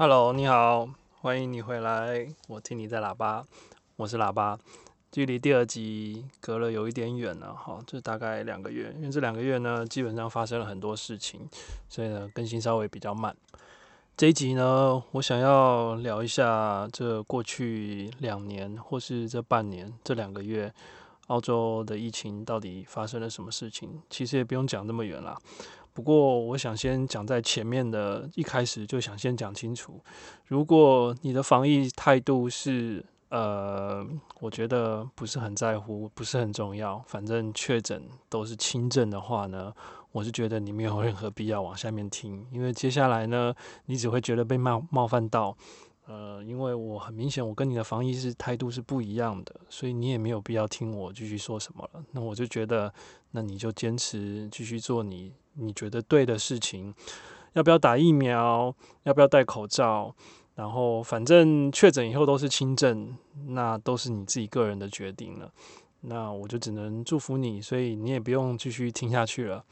Hello，你好，歡迎你回來。我聽你在喇叭，我是喇叭。距離第二集隔了有一點遠了，哈，這大概兩個月。因為這兩個月呢，基本上發生了很多事情，所以呢更新稍微比較慢。這一集呢，我想要聊一下這過去兩年或是這半年這兩個月澳洲的疫情到底發生了什麼事情。其實也不用講那麼遠啦。不過，我想先講在前面的，一開始就想先講清楚。如果你的防疫態度是呃，我覺得不是很在乎，不是很重要，反正確診都是輕症的話呢，我是覺得你沒有任何必要往下面聽，因為接下來呢，你只會覺得被冒冒犯到。呃，因為我很明顯，我跟你的防疫是態度是不一樣的，所以你也沒有必要聽我繼續說什麼了。那我就覺得，那你就堅持繼續做你。你覺得對的事情，要不要打疫苗？要不要戴口罩？然後反正確診以後都是輕症，那都是你自己個人的決定了。那我就只能祝福你，所以你也不用繼續聽下去了。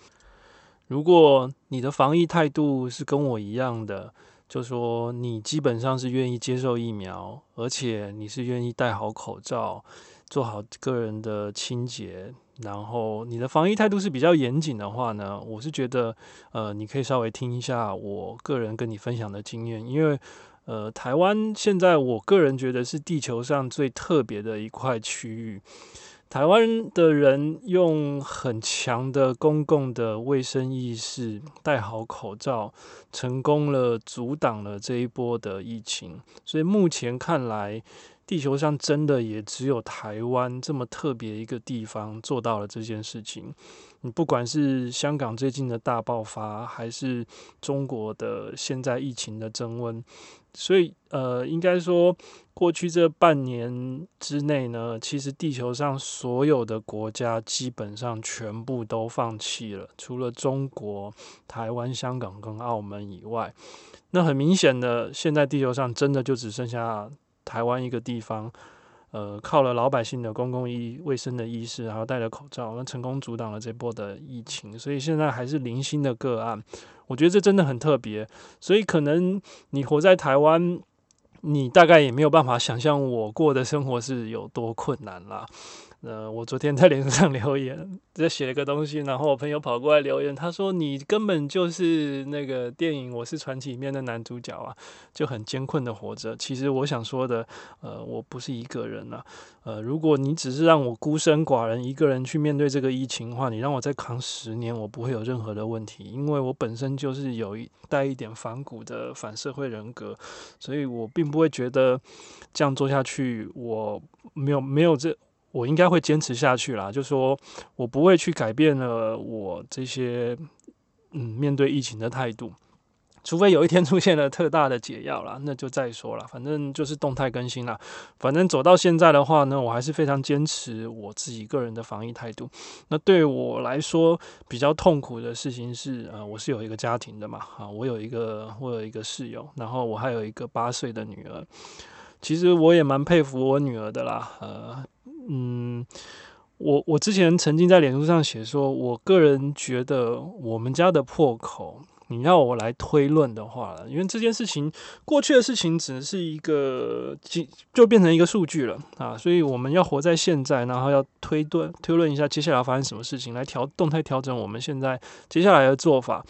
如果你的防疫態度是跟我一樣的，就說你基本上是願意接受疫苗，而且你是願意戴好口罩，做好個人的清潔。然後你的防疫態度是比較嚴謹的話呢，我是覺得，呃，你可以稍微聽一下我個人跟你分享的經驗，因為，呃，台灣現在我個人覺得是地球上最特別的一塊區域，台灣的人用很強的公共的衛生意識，戴好口罩，成功了阻擋了這一波的疫情，所以目前看來。地球上真的也只有台灣這麼特別一個地方做到了這件事情。你不管是香港最近的大爆發，還是中國的現在疫情的增溫，所以呃，應該說過去這半年之內呢，其實地球上所有的國家基本上全部都放棄了，除了中國、台灣、香港跟澳門以外，那很明顯的，現在地球上真的就只剩下。台灣一個地方，呃，靠了老百姓的公共醫衛生的意識，然後戴了口罩，那成功阻擋了這波的疫情，所以現在還是零星的個案。我覺得這真的很特別，所以可能你活在台灣，你大概也沒有辦法想象我過的生活是有多困難啦。呃，我昨天在臉書上留言，在寫了一個東西，然後我朋友跑過來留言，他說，你根本就是那個電影《我是傳奇》裡面的男主角啊，就很艱困的活着。其實我想說的，呃，我不是一個人了，啊，呃，如果你只是讓我孤身寡人一個人去面對這個疫情的話，你讓我再扛十年，我不會有任何的問題，因為我本身就是有一帶一點反骨的反社會人格，所以我並不會覺得這樣做下去，我沒有沒有這。我應該會堅持下去啦，就說我不會去改變了我這些嗯面對疫情的態度，除非有一天出現了特大的解藥啦，那就再說啦。反正就是動態更新啦，反正走到現在的話呢，我還是非常堅持我自己個人的防疫態度。那對我來說比較痛苦的事情是，啊、呃，我是有一個家庭的嘛，啊，我有一個我有一個室友，然後我還有一個八歲的女兒。其實我也蠻佩服我女兒的啦，呃。嗯，我我之前曾經在臉書上寫說，我個人覺得我們家的破口，你讓我來推論的話，因為這件事情過去的事情只是一個就就變成一個數據了啊，所以我們要活在現在，然後要推斷、推論一下接下來要發生什麼事情，來調動態調整我們現在接下來的做法。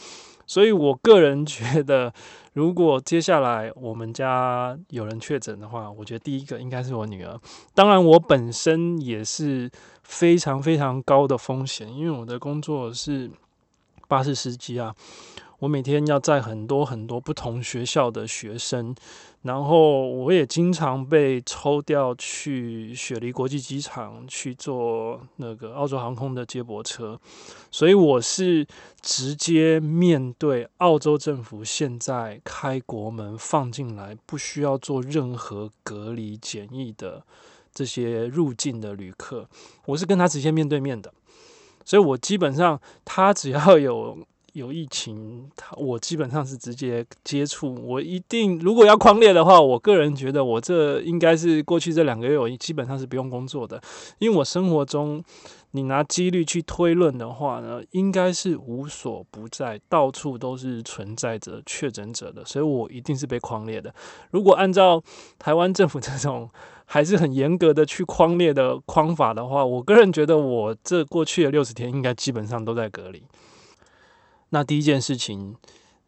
所以我個人覺得，如果接下來我們家有人確診的話，我覺得第一個應該是我女兒。當然，我本身也是非常非常高的風險，因為我的工作是巴士司機啊，我每天要載很多很多不同學校的學生。然後我也經常被抽調去雪梨國際機場去坐那個澳洲航空的接駁車，所以我是直接面對澳洲政府現在開國門放進來，不需要做任何隔離檢疫的這些入境的旅客，我是跟他直接面對面的，所以我基本上他只要有。有疫情，他我基本上是直接接觸。我一定如果要匡列的話，我個人覺得我這應該是過去這兩個月，我基本上是不用工作的。因為我生活中，你拿幾率去推論的話呢，應該是無所不在，到處都是存在着確診者的，所以我一定是被匡列的。如果按照台灣政府這種還是很嚴格的去匡列的框法的話，我個人覺得我這過去的六十天應該基本上都在隔離。那第一件事情，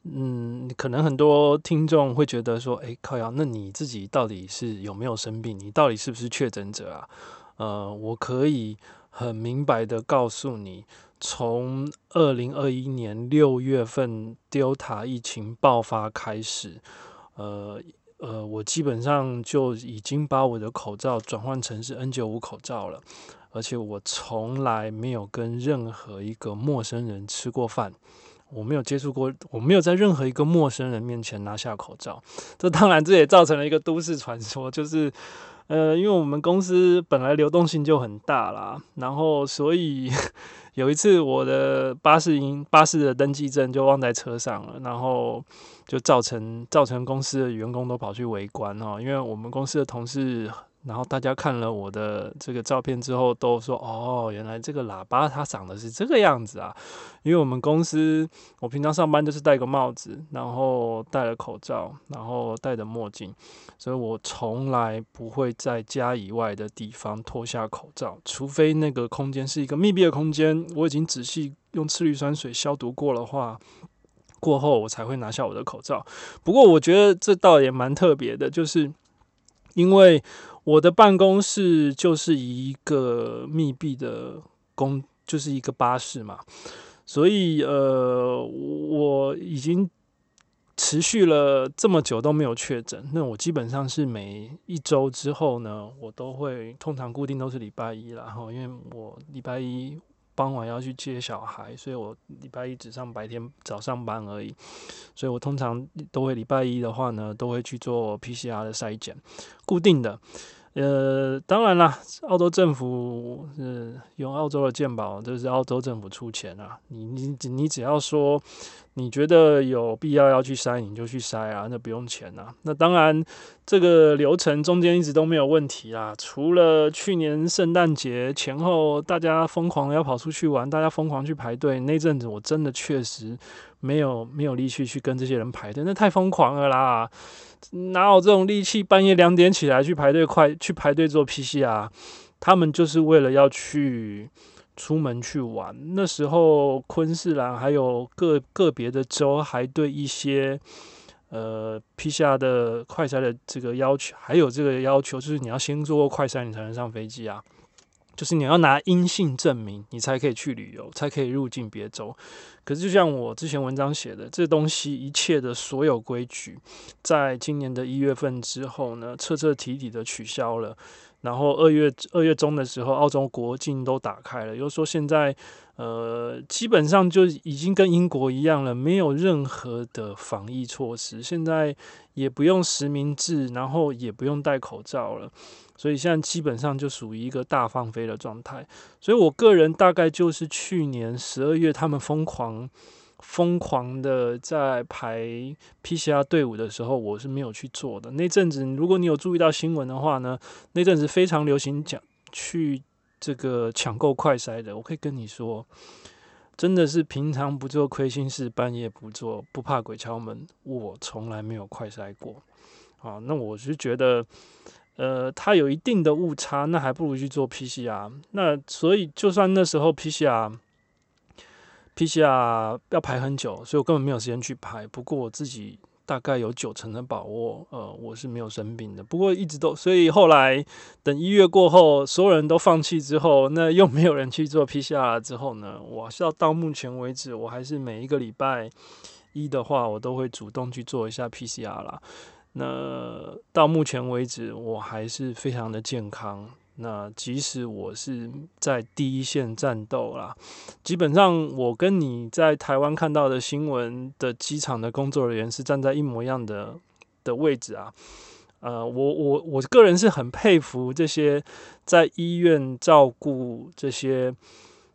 嗯，可能很多聽眾會覺得說，哎，靠陽，那你自己到底是有沒有生病？你到底是不是確診者啊？呃，我可以很明白地告訴你，從二零二一年六月份 Delta 疫情爆發開始，呃呃，我基本上就已經把我的口罩轉換成是 N 九五口罩了，而且我從來沒有跟任何一個陌生人吃過飯。我沒有接觸過，我沒有在任何一個陌生人面前拿下口罩。這當然，這也造成了一個都市傳說，就是，呃，因為我們公司本來流動性就很大啦，然後所以有一次我的巴士銀巴士的登記證就忘在車上了，然後就造成造成公司的員工都跑去圍觀哦，因為我們公司的同事。然後大家看了我的這個照片之後，都說：“哦，原來這個喇叭它長得是這個樣子啊！”因為我們公司，我平常上班都是戴個帽子，然後戴了口罩，然後戴着墨鏡，所以我從來不會在家以外的地方脫下口罩，除非那個空間是一個密閉的空間。我已經仔細用次氯酸水消毒過的話，過後我才會拿下我的口罩。不過我覺得這倒也蠻特別的，就是因為。我的辦公室就是一個密閉的工，就是一個巴士嘛，所以呃，我已經持續了這麼久都沒有確診，那我基本上是每一周之後呢，我都會通常固定都是禮拜一了，然後因為我禮拜一傍晚要去接小孩，所以我禮拜一只上白天早上班而已，所以我通常都會禮拜一的話呢，都會去做 PCR 的篩檢，固定的。呃，當然啦，澳洲政府，呃，用澳洲的健保，就是澳洲政府出錢啊。你你你只要說你覺得有必要要去篩，你就去篩啊，那不用錢啊。那當然，這個流程中間一直都沒有問題啊，除了去年聖誕節前後，大家瘋狂要跑出去玩，大家瘋狂去排隊那陣子，我真的確實沒有沒有力氣去跟這些人排隊，那太瘋狂了啦。哪有這種力氣？半夜兩點起來去排隊快去排隊做 PCR？他們就是為了要去出門去玩。那時候，昆士蘭還有各個別的州還對一些呃 PCR 的快篩的這個要求，還有這個要求就是你要先做過快篩，你才能上飛機啊。就是你要拿陰性證明，你才可以去旅遊，才可以入境別州。可是就像我之前文章寫的，這東西一切的所有規矩，在今年的一月份之後呢，徹徹底底的取消了。然後二月、二月中的時候，澳洲國境都打開了，也就是說現在。呃，基本上就已經跟英國一樣了，沒有任何的防疫措施，現在也不用實名制，然後也不用戴口罩了，所以現在基本上就屬於一個大放飛的狀態。所以我個人大概就是去年十二月，他們瘋狂瘋狂的在排 PCR 隊伍的時候，我是沒有去做的。那陣子，如果你有注意到新聞的話呢，那陣子非常流行講去。這個搶購快篩的，我可以跟你說，真的是平常不做虧心事，半夜不做不怕鬼敲門。我從來沒有快篩過，啊，那我是覺得，呃，它有一定的誤差，那還不如去做 PCR。那所以，就算那時候 PCR，PCR 要排很久，所以我根本沒有時間去排。不過我自己。大概有九成的把握，呃，我是沒有生病的。不過一直都，所以後來等一月過後，所有人都放棄之後，那又沒有人去做 PCR 了之後呢，我到到目前為止，我還是每一個禮拜一的話，我都會主動去做一下 PCR 啦。那到目前為止，我還是非常的健康。那即使我是在第一線戰鬥啦，基本上我跟你在台灣看到的新聞的機場的工作人員是站在一模一樣的的位置啊，呃，我我我個人是很佩服這些在醫院照顧這些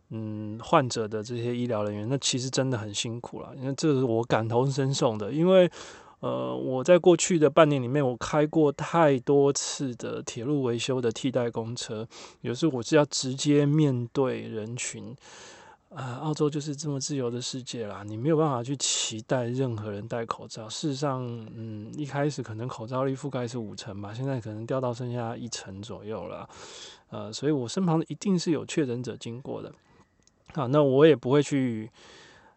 嗯患者，的這些醫療人員，那其實真的很辛苦啦，因為這是我感同身受的，因為。呃，我在過去的半年裡面，我開過太多次的鐵路維修的替代公車，有時候我是要直接面對人群。啊、呃，澳洲就是這麼自由的世界啦，你沒有辦法去期待任何人戴口罩。事實上，嗯，一開始可能口罩率覆蓋是五成吧，現在可能掉到剩下一成左右了。呃，所以我身旁一定是有確診者經過的。好、啊，那我也不會去。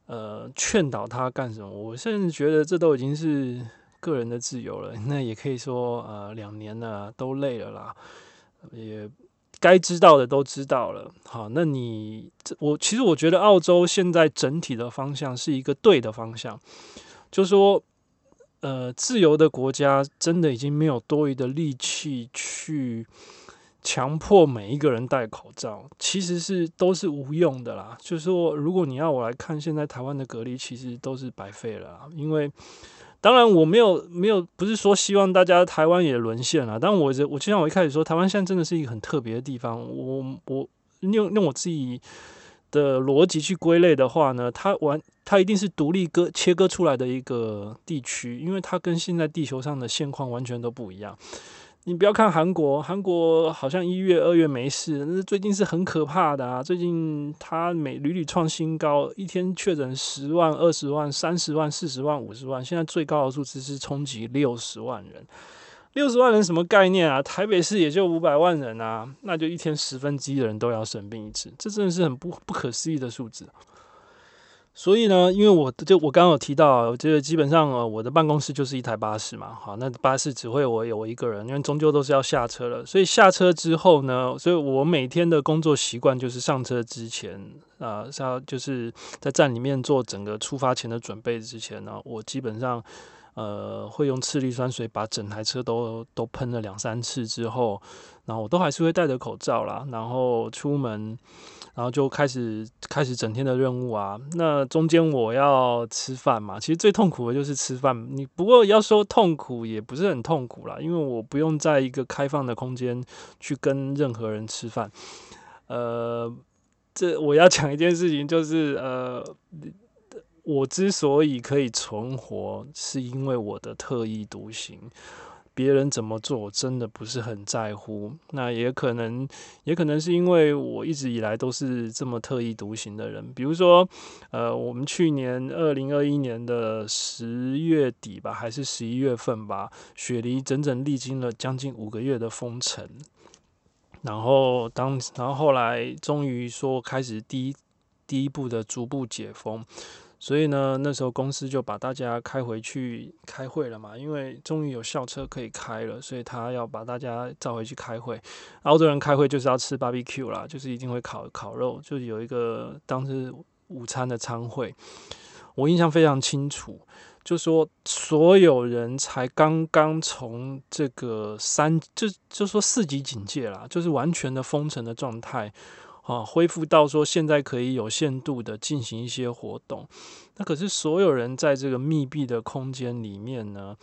呃，勸導他幹什麼？我甚至覺得這都已經是個人的自由了。那也可以說，呃，兩年了都累了啦，也該知道的都知道了。好，那你這我其實我覺得，澳洲現在整體的方向是一個對的方向，就是說，呃，自由的國家真的已經沒有多餘的力氣去。強迫每一個人戴口罩，其實是都是無用的啦。就是說，如果你要我來看，現在台灣的隔離其實都是白費了啦，因為當然我沒有沒有不是說希望大家台灣也淪陷了。但我我我就像我一開始說，台灣現在真的是一個很特別的地方。我我用用我自己的邏輯去歸類的話呢，它完它一定是獨立割切割出來的一個地區，因為它跟現在地球上的現況完全都不一樣。你不要看韓國，韓國好像一月、二月沒事，那最近是很可怕的啊！最近他每屢屢創新高，一天確診十萬、二十萬、三十萬、四十萬、五十萬，現在最高的數字是衝擊六十萬人。六十萬人什麼概念啊？台北市也就五百萬人啊，那就一天十分之一的人都要生病一次，這真的是很不不可思議的數字。所以呢，因為我就我剛剛有提到啊，我覺得基本上呃，我的辦公室就是一台巴士嘛，好，那巴士只會我有一個人，因為終究都是要下車了，所以下車之後呢，所以我每天的工作習慣就是上車之前啊，上，呃，就是在站裡面做整個出發前的準備之前呢，我基本上呃會用次氯酸水把整台車都都噴了兩三次之後，然後我都還是會戴着口罩啦，然後出門。然後就開始開始整天的任務啊，那中間我要吃飯嘛。其實最痛苦的就是吃飯，你不過要說痛苦也不是很痛苦啦，因為我不用在一個開放的空間去跟任何人吃飯。呃，這我要講一件事情，就是呃，我之所以可以存活，是因為我的特立獨行。別人怎麼做，我真的不是很在乎。那也可能，也可能是因為我一直以來都是這麼特立獨行的人。比如說，呃，我們去年二零二一年的十月底吧，還是十一月份吧，雪梨整整歷經了將近五個月的封城，然後當，然後後來終於說開始第一第一步的逐步解封。所以呢，那時候公司就把大家開回去開會了嘛，因為終於有校車可以開了，所以他要把大家召回去開會。澳洲人開會就是要吃 barbecue 啦，就是一定會烤烤肉，就是有一個當時午餐的餐會。我印象非常清楚，就說所有人才剛剛從這個三就就說四級警戒啦，就是完全的封城的狀態。啊，恢復到說現在可以有限度的進行一些活動，那可是所有人在這個密閉的空間裡面呢，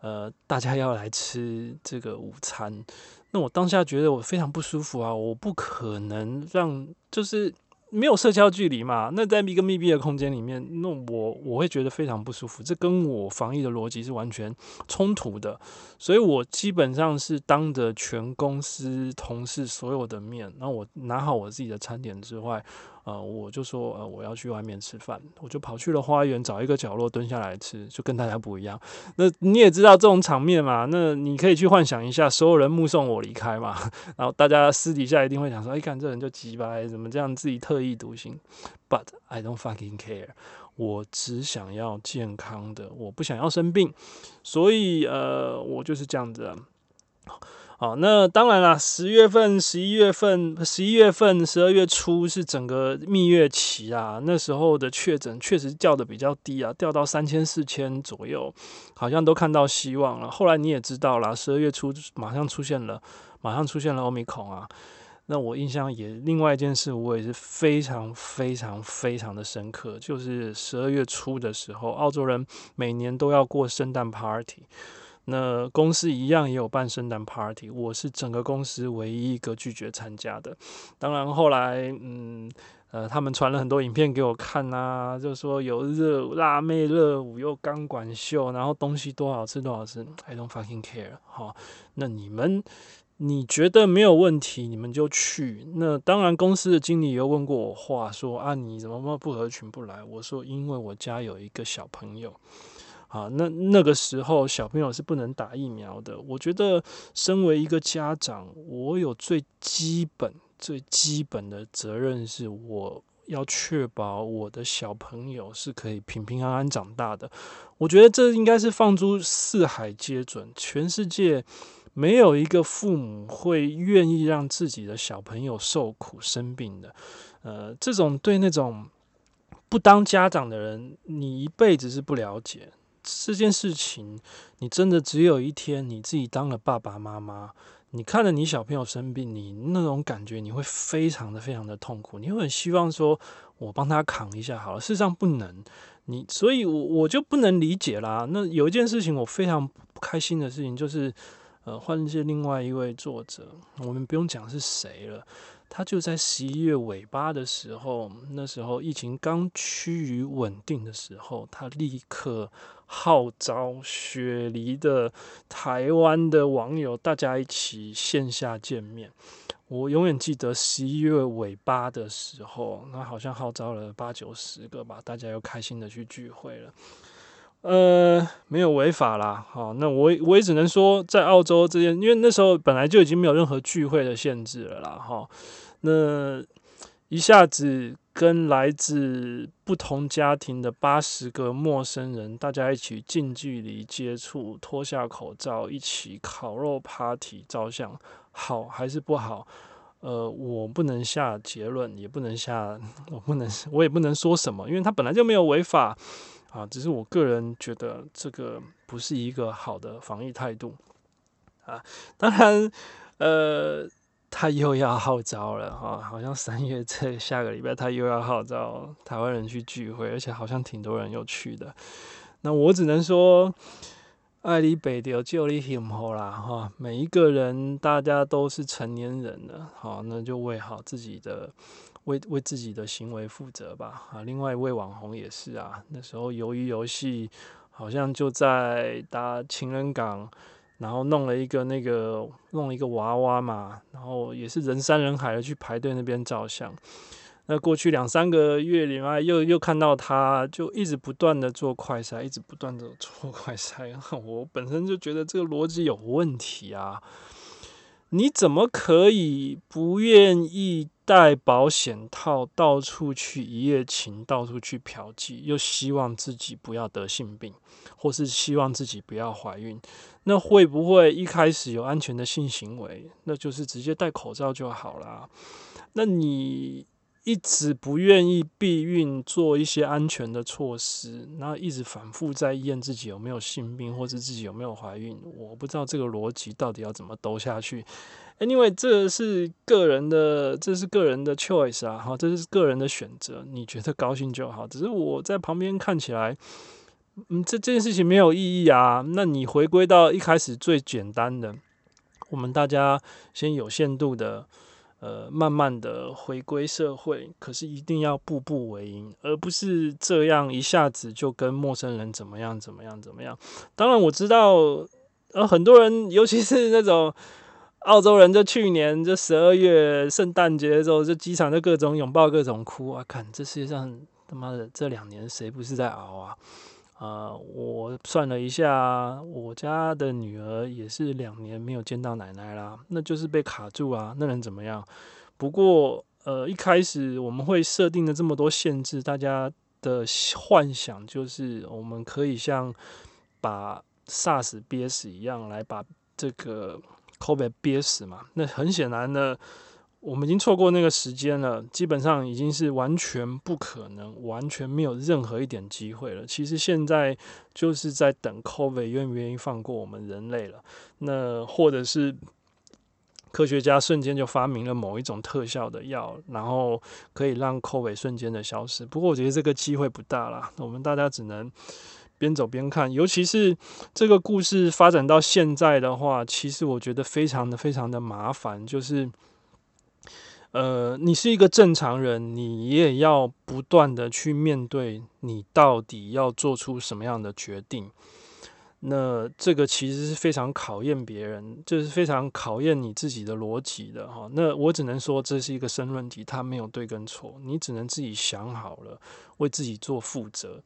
呃，大家要來吃這個午餐，那我當下覺得我非常不舒服啊，我不可能讓就是。沒有社交距離嘛，那在一個密閉的空間裡面，那我我會覺得非常不舒服。這跟我防疫的邏輯是完全衝突的，所以我基本上是當着全公司同事所有的面，然後我拿好我自己的餐點之外。呃，我就說，呃，我要去外面吃飯，我就跑去了花園，找一個角落蹲下來吃，就跟大家不一樣。那你也知道這種場面嘛？那你可以去幻想一下，所有人目送我離開嘛。然後大家私底下一定會想說，哎，看這人就奇葩，怎麼這樣自己特立獨行？But I don't fucking care，我只想要健康的，我不想要生病，所以呃，我就是這樣子啊。好，那當然啦。十月份、十一月份、十一月份、十二月初是整個蜜月期啊，那時候的確診確實掉得比較低啊，掉到三千四千左右，好像都看到希望了。後來你也知道了，十二月初馬上出現了，馬上出現了奧密克戎啊。那我印象也另外一件事，我也是非常非常非常的深刻，就是十二月初的時候，澳洲人每年都要過聖誕 party。那公司一樣也有辦聖誕 party，我是整個公司唯一一個拒絕參加的。當然後來，嗯，呃，他們傳了很多影片給我看啊，就說有熱辣妹熱舞，又鋼管秀，然後東西多好吃多好吃。I don't fucking care。好，那你們你覺得沒有問題，你們就去。那當然，公司的經理又問過我，話說啊，你怎麼不合群不來？我說因為我家有一個小朋友。啊，那那個時候小朋友是不能打疫苗的。我覺得，身為一個家長，我有最基本、最基本的責任，是我要確保我的小朋友是可以平平安安長大的。我覺得這應該是放諸四海皆準，全世界沒有一個父母會願意讓自己的小朋友受苦生病的。呃，這種對那種不當家長的人，你一輩子是不了解。這件事情，你真的只有一天，你自己當了爸爸媽媽，你看了你小朋友生病，你那種感覺，你會非常的非常的痛苦，你會很希望說，我幫他扛一下，好了，事實上不能，你，所以我我就不能理解啦。那有一件事情，我非常不開心的事情，就是，呃，換一些另外一位作者，我們不用講是誰了。他就在十一月尾巴的時候，那時候疫情剛趨於穩定的時候，他立刻號召雪梨的台灣的網友大家一起線下見面。我永遠記得十一月尾巴的時候，那好像號召了八九十個吧，大家又開心的去聚會了。呃，沒有違法啦，好，那我我也只能說，在澳洲這邊，因為那時候本來就已經沒有任何聚會的限制了啦，哈。那一下子跟來自不同家庭的八十個陌生人，大家一起近距離接觸，脫下口罩一起烤肉 party 照相，好還是不好？呃，我不能下結論，也不能下，我不能，我也不能說什麼，因為他本來就沒有違法啊，只是我個人覺得這個不是一個好的防疫態度啊。當然，呃。他又要號召了哈，好像三月這下個禮拜他又要號召台灣人去聚會，而且好像挺多人又去的。那我只能說，愛離北調就 him 後啦哈。每一個人，大家都是成年人了，好，那就為好自己的，為為自己的行為負責吧。啊，另外一位網紅也是啊。那時候魷魚遊戲，好像就在搭情人港。然後弄了一個那個，弄了一個娃娃嘛，然後也是人山人海的去排隊那邊照相。那過去兩三個月裡面，又又看到他，就一直不斷的做快篩，一直不斷的做快篩。我本身就覺得這個邏輯有問題啊，你怎麼可以不願意？戴保險套到處去一夜情，到處去嫖妓，又希望自己不要得性病，或是希望自己不要懷孕，那會不會一開始有安全的性行為，那就是直接戴口罩就好了？那你？一直不願意避孕，做一些安全的措施，然後一直反覆在驗自己有沒有性病或者自己有沒有懷孕。我不知道這個邏輯到底要怎麼兜下去。Anyway，這是個人的，這是個人的 choice 啊，哈，這是個人的選擇，你覺得高興就好。只是我在旁邊看起來，嗯，這件事情沒有意義啊。那你回歸到一開始最簡單的，我們大家先有限度的。呃，慢慢的回歸社會，可是一定要步步為營，而不是這樣一下子就跟陌生人怎麼樣怎麼樣怎麼樣。當然我知道，呃，很多人，尤其是那種澳洲人，就去年就十二月聖誕節的時候，就機場就各種擁抱、各種哭啊！看這世界上他媽的這兩年誰不是在熬啊？啊、呃，我算了一下，我家的女兒也是兩年沒有見到奶奶啦，那就是被卡住啊，那能怎麼樣？不過，呃，一開始我們會設定的這麼多限制，大家的幻想就是我們可以像把 SARS 憋死一樣來把這個 COVID 憋死嘛，那很顯然的。我們已經錯過那個時間了，基本上已經是完全不可能，完全沒有任何一點機會了。其實現在就是在等 COVID 願不願意放過我們人類了。那或者是科學家瞬間就發明了某一種特效的藥，然後可以讓 COVID 瞬間的消失。不過我覺得這個機會不大啦，我們大家只能邊走邊看。尤其是這個故事發展到現在的話，其實我覺得非常的非常的麻煩，就是。呃，你是一個正常人，你也要不斷地去面對，你到底要做出什麼樣的決定？那這個其實是非常考驗別人，就是非常考驗你自己的邏輯的哈。那我只能說，這是一個申論題，它沒有對跟錯，你只能自己想好了，為自己做負責。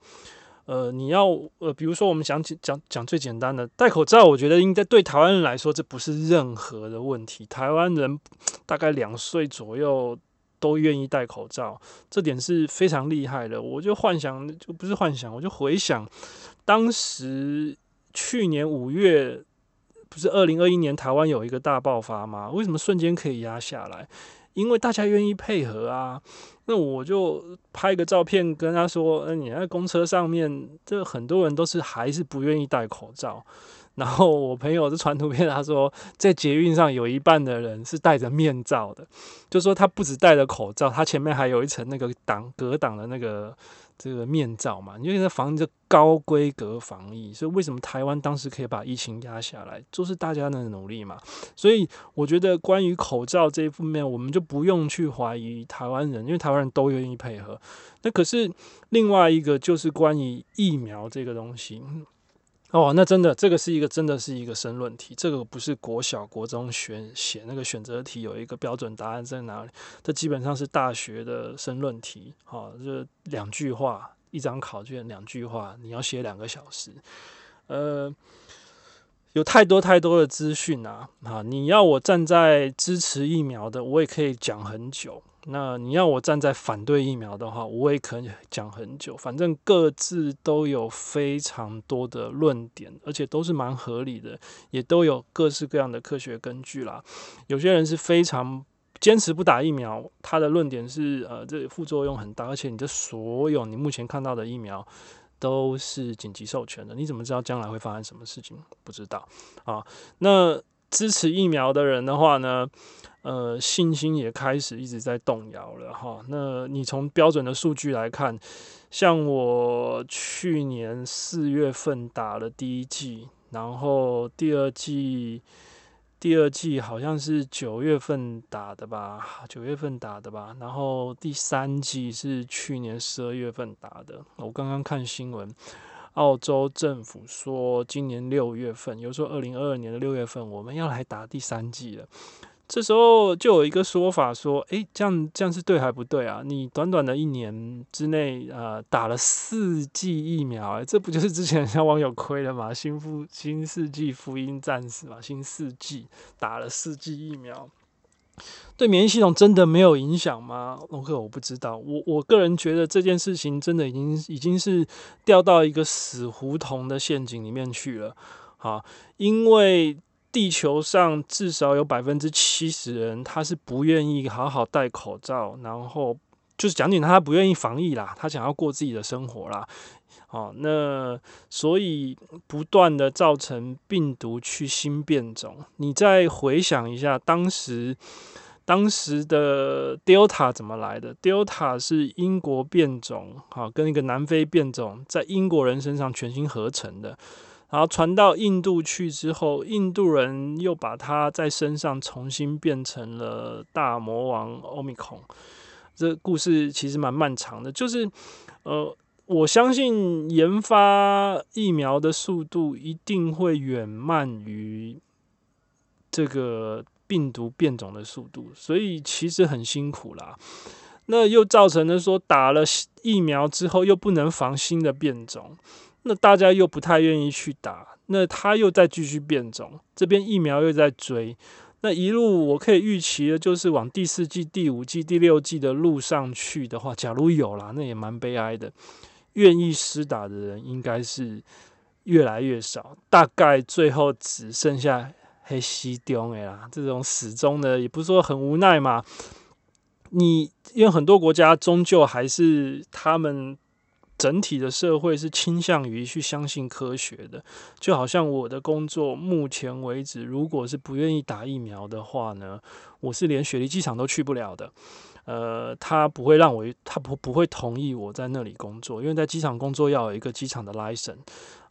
呃，你要呃，比如說我們講講講最簡單的戴口罩，我覺得應該對台灣人來說這不是任何的問題。台灣人大概兩歲左右都願意戴口罩，這點是非常厲害的。我就幻想，就不是幻想，我就回想，當時去年五月不是二零二一年台灣有一個大爆發嗎？為什麼瞬間可以壓下來？因為大家願意配合啊，那我就拍個照片跟他說：“你在公車上面，這很多人都是還是不願意戴口罩。”然後我朋友就傳圖片，他說在捷運上有一半的人是戴着面罩的，就說他不止戴着口罩，他前面還有一層那個擋隔擋的那個。這個面罩嘛，因為它防着高規格防疫，所以為什麼台灣當時可以把疫情壓下來，就是大家的努力嘛。所以我覺得關於口罩這一方面，我們就不用去懷疑台灣人，因為台灣人都願意配合。那可是另外一個就是關於疫苗這個東西。哦，那真的，這個是一個真的是一個申論題，這個不是國小國中選寫那個選擇題，有一個標準答案在哪裡？這基本上是大學的申論題，好、哦，就兩句話，一張考卷，兩句話，你要寫兩個小時，呃，有太多太多的資訊啊，啊，你要我站在支持疫苗的，我也可以講很久。那你要我站在反對疫苗的話，我也可以講很久。反正各自都有非常多的論點，而且都是蠻合理的，也都有各式各樣的科學根據啦。有些人是非常堅持不打疫苗，他的論點是：呃，這副作用很大，而且你的所有你目前看到的疫苗都是緊急授權的，你怎麼知道將來會發生什麼事情？不知道啊。那支持疫苗的人的話呢？呃，信心也開始一直在動搖了哈。那你從標準的數據來看，像我去年四月份打了第一劑，然後第二劑，第二劑好像是九月份打的吧，九月份打的吧。然後第三劑是去年十二月份打的。我剛剛看新聞，澳洲政府說今年六月份，有時候二零二二年的六月份，我們要來打第三劑了。這時候就有一個說法說，誒，這樣這樣是對還不對啊？你短短的一年之內，呃，打了四劑疫苗，欸，誒，這不就是之前人家網友虧了嗎？新婦、新世紀福音戰士嘛，新世紀打了四劑疫苗，對免疫系統真的沒有影響嗎？龍哥，我不知道，我我個人覺得這件事情真的已經已經是掉到一個死胡同的陷阱裡面去了，啊，因為。地球上至少有百分之七十人，他是不願意好好戴口罩，然後就是講緊他不願意防疫啦，他想要過自己的生活啦。好，那所以不斷的造成病毒去新變種。你再回想一下當時，當時的 Delta 怎麼來的？Delta 是英國變種，好，跟一個南非變種在英國人身上全新合成的。然後傳到印度去之後，印度人又把它在身上重新變成了大魔王歐米孔。這個故事其實蠻漫長的，就是，呃，我相信研發疫苗的速度一定會遠慢於這個病毒變種的速度，所以其實很辛苦啦。那又造成了說打了疫苗之後又不能防新的變種。那大家又不太願意去打，那他又在繼續變種，這邊疫苗又在追，那一路我可以預期的就是往第四季、第五季、第六季的路上去的話，假如有啦，那也蠻悲哀的。願意施打的人應該是越來越少，大概最後只剩下黑西東哎啦，這種死忠的，也不是說很無奈嘛。你因為很多國家終究還是他們。整體的社會是傾向於去相信科學的，就好像我的工作，目前為止，如果是不願意打疫苗的話呢，我是連雪梨機場都去不了的。呃，他不會讓我，他不不會同意我在那裡工作，因為在機場工作要有一個機場的 license。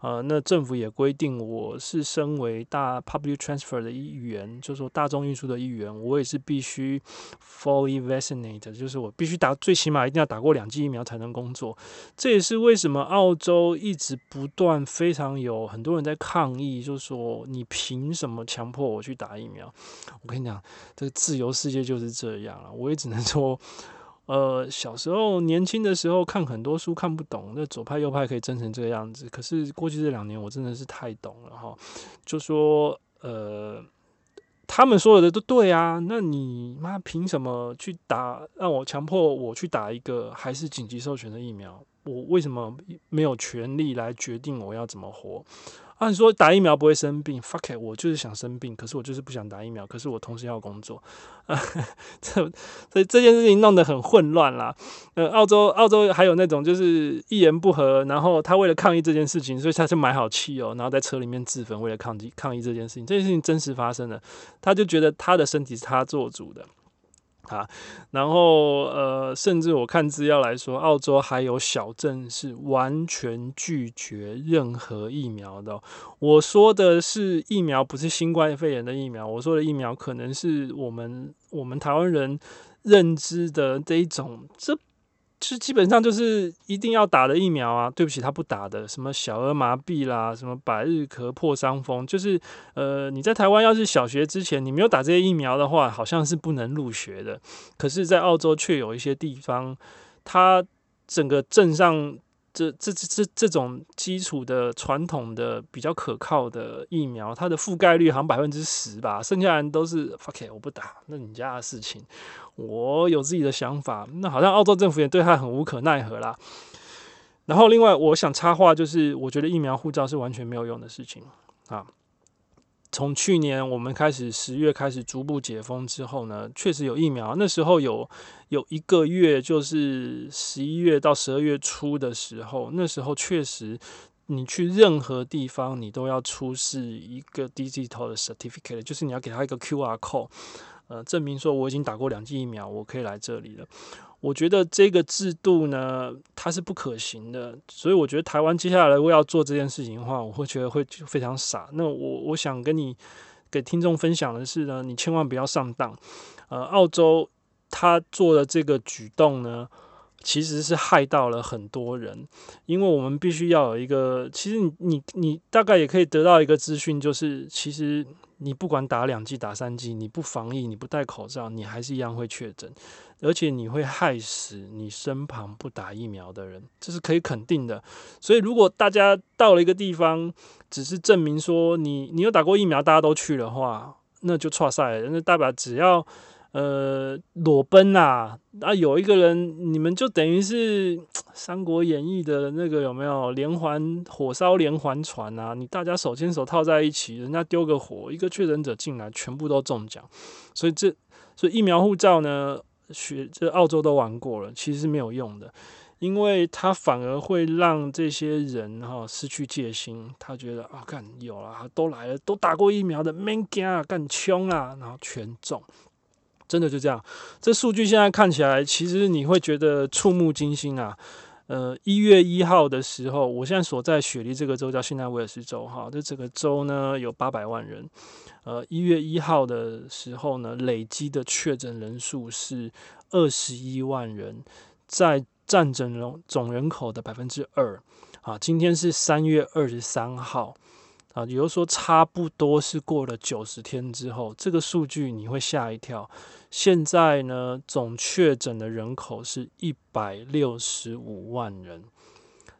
呃，那政府也規定，我是身為大 public transfer 的一員，就是說大眾運輸的一員，我也是必須 fully vaccinated，就是我必須打，最起碼一定要打過兩劑疫苗才能工作。這也是為什麼澳洲一直不斷非常有很多人在抗議，就是說你憑什麼強迫我去打疫苗？我跟你講，這個自由世界就是這樣了，我也只能說。呃，小時候年輕的時候看很多書看不懂，那左派右派可以爭成這個樣子。可是過去這兩年，我真的是太懂了哈。就說呃，他們說的都對啊，那你媽憑什麼去打？讓我強迫我去打一個還是緊急授權的疫苗？我為什麼沒有權利來決定我要怎麼活？啊，你說打疫苗不會生病，fuck it，我就是想生病，可是我就是不想打疫苗，可是我同時要工作，啊、呵呵這所以這件事情弄得很混亂啦。呃，澳洲澳洲還有那種就是一言不合，然後他為了抗議這件事情，所以他就買好汽油，然後在車裡面自焚，為了抗擊抗議這件事情。這件事情真實發生了，他就覺得他的身體是他做主的。啊，然後呃，甚至我看資料來說，澳洲還有小鎮是完全拒絕任何疫苗的。我說的是疫苗，不是新冠肺炎的疫苗。我說的疫苗，可能是我們我們台灣人認知的這一種這。就基本上就是一定要打的疫苗啊，對不起，他不打的，什麼小兒麻痹啦，什麼百日咳、破傷風，就是呃，你在臺灣要是小學之前你沒有打這些疫苗的話，好像是不能入學的。可是在澳洲卻有一些地方，它整個鎮上。這這這這這種基礎的傳統的比較可靠的疫苗，它的覆蓋率好像百分之十吧，剩下人都是 fuck、OK，我不打，那你家的事情，我有自己的想法。那好像澳洲政府也對他很無可奈何啦。然後另外我想插話，就是我覺得疫苗護照是完全沒有用的事情啊。從去年我們開始，十月開始逐步解封之後呢，確實有疫苗。那時候有有一個月，就是十一月到十二月初的時候，那時候確實你去任何地方，你都要出示一個 digital 的 certificate，就是你要給他一個 QR code，呃，證明說我已經打過兩劑疫苗，我可以來這裡了。我覺得這個制度呢，它是不可行的，所以我覺得台灣接下來我要做這件事情的話，我會覺得會非常傻。那我我想跟你給聽眾分享的是呢，你千萬不要上當。呃，澳洲他做的這個舉動呢，其實是害到了很多人，因為我們必須要有一個，其實你你你大概也可以得到一個資訊，就是其實。你不管打兩劑、打三劑，你不防疫、你不戴口罩，你還是一樣會確診，而且你會害死你身旁不打疫苗的人，這是可以肯定的。所以，如果大家到了一個地方，只是證明說，你你有打過疫苗，大家都去的話，那就剉賽了，那代表只要。呃，裸奔啊，啊，有一個人，你們就等於是《三國演義》的那個有沒有連環火燒連環船啊？你大家手牽手套在一起，人家丟個火，一個確診者進來，全部都中獎。所以這所以疫苗護照呢，學這澳洲都玩過了，其實是沒有用的，因為他反而會讓這些人哈、哦、失去戒心，他覺得啊，幹有啦，都來了，都打過疫苗的，免驚啊，幹衝啊，然後全中。真的就這樣，這數據現在看起來，其實你會覺得觸目驚心啊。呃，一月一號的時候，我現在所在雪梨這個州叫新南威爾士州哈，這整個州呢有八百萬人。呃，一月一號的時候呢，累積的確診人數是二十一萬人，在占整個總人口的百分之二。啊，今天是三月二十三號。啊，也就是說，差不多是過了九十天之後，這個數據你會嚇一跳。現在呢，總確診的人口是一百六十五萬人，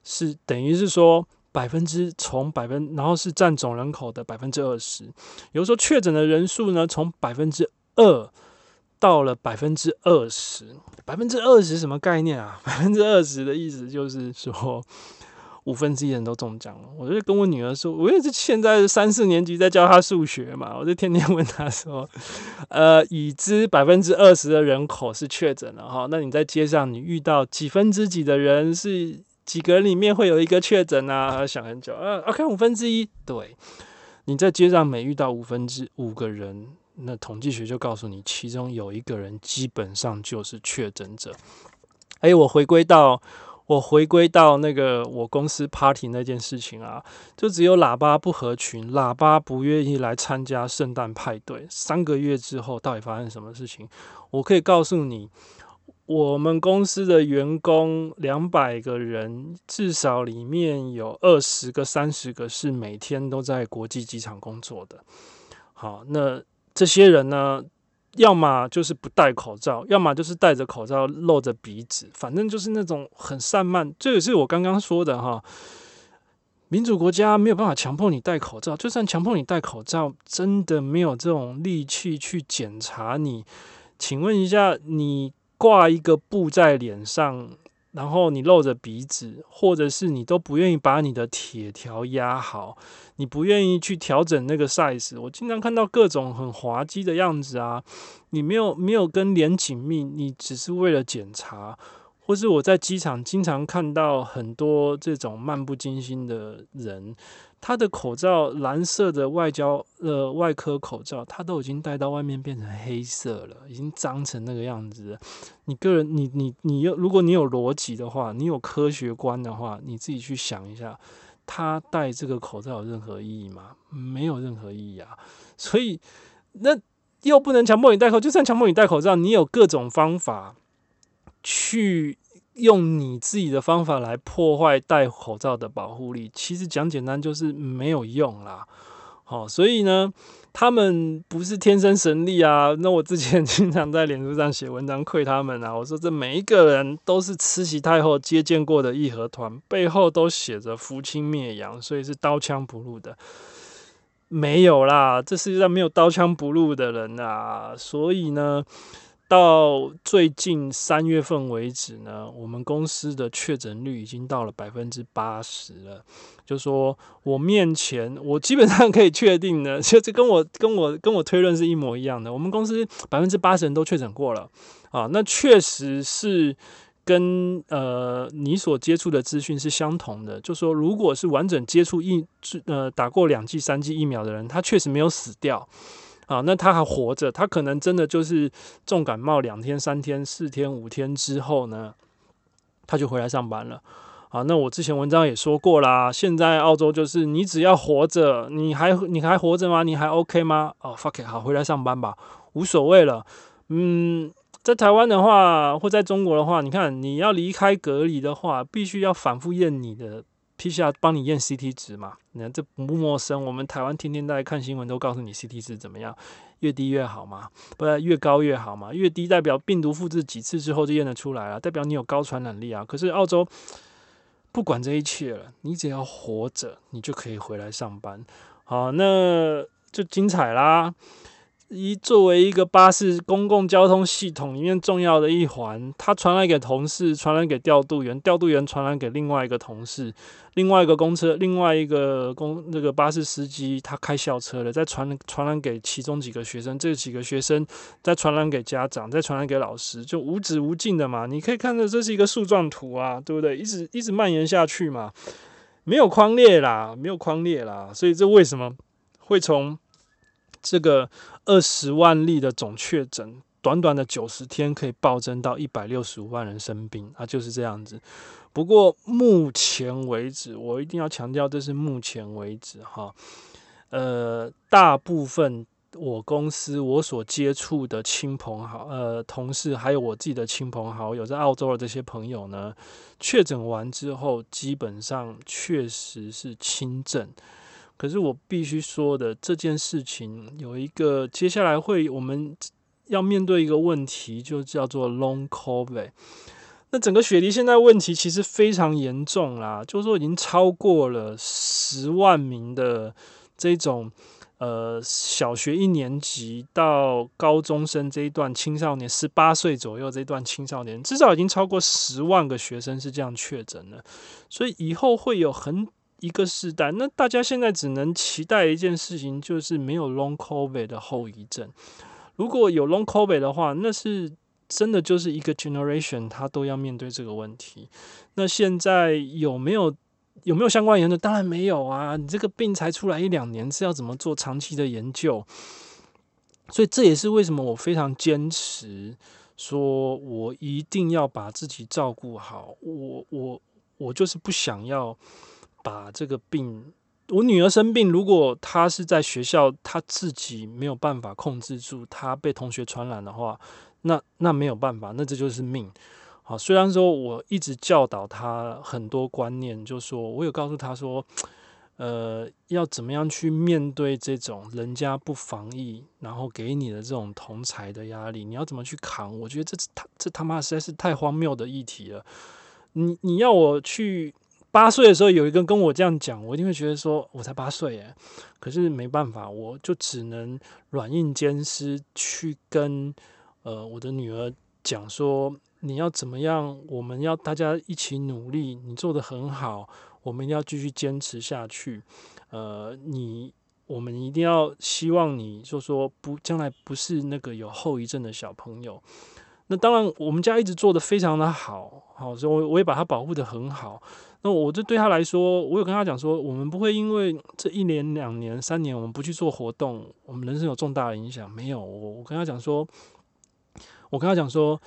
是等於是說百分之從百分，然後是占總人口的百分之二十。也就是說確診的人數呢，從百分之二到了百分之二十，百分之二十是什麼概念啊？百分之二十的意思就是說。五分之一人，都中獎了，我就跟我女兒說，我也是現在三四年級在教她數學嘛，我就天天問她說，呃，已知百分之二十的人口是確診了哈，那你在街上你遇到幾分之幾的人是幾個人裡面會有一個確診啊？想很久，啊，OK 五分之一，對，你在街上每遇到五分之五個人，那統計學就告訴你其中有一個人基本上就是確診者。哎、欸，我回歸到。我回歸到那個我公司 party 那件事情啊，就只有喇叭不合群，喇叭不願意來參加聖誕派對。三個月之後，到底發生什麼事情？我可以告訴你，我們公司的員工兩百個人，至少裡面有二十個、三十個是每天都在國際機場工作的。好，那這些人呢？要麼就是不戴口罩，要麼就是戴着口罩露着鼻子，反正就是那種很散漫。這也是我剛剛說的哈，民主國家沒有辦法強迫你戴口罩，就算強迫你戴口罩，真的沒有這種力氣去檢查你。請問一下，你掛一個布在臉上？然後你露着鼻子，或者是你都不願意把你的鐵條壓好，你不願意去調整那個 size。我經常看到各種很滑稽的樣子啊，你沒有沒有跟臉緊密，你只是為了檢查，或是我在機場經常看到很多這種漫不經心的人。他的口罩，藍色的外交呃外科口罩，他都已經戴到外面變成黑色了，已經髒成那個樣子。你個人，你你你又如果你有邏輯的話，你有科學觀的話，你自己去想一下，他戴這個口罩有任何意義嗎？沒有任何意義啊。所以那又不能強迫你戴口，就算強迫你戴口罩，你有各種方法去。用你自己的方法來破壞戴口罩的保護力，其實講簡單就是沒有用啦。好、哦，所以呢，他們不是天生神力啊。那我之前經常在臉書上寫文章，虧他們啊。我說這每一個人都是慈禧太后接見過的義和團，背後都寫着“扶清滅洋”，所以是刀槍不入的。沒有啦，這世界上沒有刀槍不入的人啊。所以呢。到最近三月份為止呢，我們公司的確診率已經到了百分之八十了。就說我面前，我基本上可以確定的其實這跟我跟我跟我推論是一模一樣的。我們公司百分之八十人都確診過了啊，那確實是跟呃你所接觸的資訊是相同的。就說如果是完整接觸一呃打過兩劑三劑疫苗的人，他確實沒有死掉。啊，那他還活着，他可能真的就是重感冒，兩天、三天、四天、五天之後呢，他就回來上班了。啊，那我之前文章也說過啦，現在澳洲就是你只要活着，你還你還活着嗎？你還 OK 嗎？哦，fuck it. 好，回來上班吧，無所謂了。嗯，在台灣的話，或在中國的話，你看你要離開隔離的話，必須要反覆驗你的。P C 幫你驗 C T 值嘛，看這不陌生，我們台灣天天在看新聞，都告訴你 C T 值怎麼樣，越低越好嘛，不是越高越好嘛。越低代表病毒複製幾次之後就驗得出來了，啊，代表你有高傳染力啊。可是澳洲不管這一切了，你只要活着，你就可以回來上班。好，那就精彩啦。一，作為一個巴士公共交通系統裡面重要的一環，它傳染給同事，傳染給調度員，調度員傳染給另外一個同事，另外一個公車，另外一個公那、這個巴士司機，他開校車了，再傳傳染給其中幾個學生，這幾個學生再傳染給家長，再傳染給老師，就無止無盡的嘛。你可以看到這是一個樹狀圖啊，對不對？一直一直蔓延下去嘛，沒有匡列啦，沒有匡列啦，所以這為什麼會從？這個二十萬例的總確診，短短的九十天可以暴增到一百六十五萬人生病，啊，就是這樣子。不過目前為止，我一定要強調，這是目前為止哈。呃，大部分我公司我所接觸的親朋好，呃，同事，還有我自己的親朋好友在澳洲的這些朋友呢，確診完之後，基本上確實是輕症。可是我必須說的這件事情，有一個接下來會我們要面對一個問題，就叫做 long COVID。那整個雪梨現在問題其實非常嚴重啦，就是說已經超過了十萬名的這種呃小學一年級到高中生這一段青少年，十八歲左右這一段青少年，至少已經超過十萬個學生是這樣確診的，所以以後會有很。一個世代，那大家現在只能期待一件事情，就是沒有 Long COVID 的後遺症。如果有 Long COVID 的話，那是真的就是一個 generation 他都要面對這個問題。那現在有沒有有沒有相關研究？當然沒有啊！你這個病才出來一兩年，是要怎麼做長期的研究。所以這也是為什麼我非常堅持，說我一定要把自己照顧好。我我我就是不想要。把這個病，我女兒生病，如果她是在學校，她自己沒有辦法控制住，她被同學傳染的話，那那沒有辦法，那這就是命。好，雖然說我一直教導她很多觀念，就說，我有告訴她說，呃，要怎麼樣去面對這種人家不防疫，然後給你的這種同儕的壓力，你要怎麼去扛？我覺得這這這他媽實在是太荒謬的議題了。你你要我去？八歲的時候，有一個跟我這樣講，我一定會覺得說，我才八歲耶，可是沒辦法，我就只能軟硬兼施去跟呃我的女兒講說，你要怎麼樣，我們要大家一起努力，你做得很好，我們一定要繼續堅持下去。呃，你，我們一定要希望你，就說不，將來不是那個有後遺症的小朋友。那當然，我們家一直做得非常的好，好，所以我我也把他保護得很好。那我這對他來說，我有跟他講說，我們不會因為這一年、兩年、三年，我們不去做活動，我們人生有重大的影響。沒有，我我跟他講說，我跟他講說，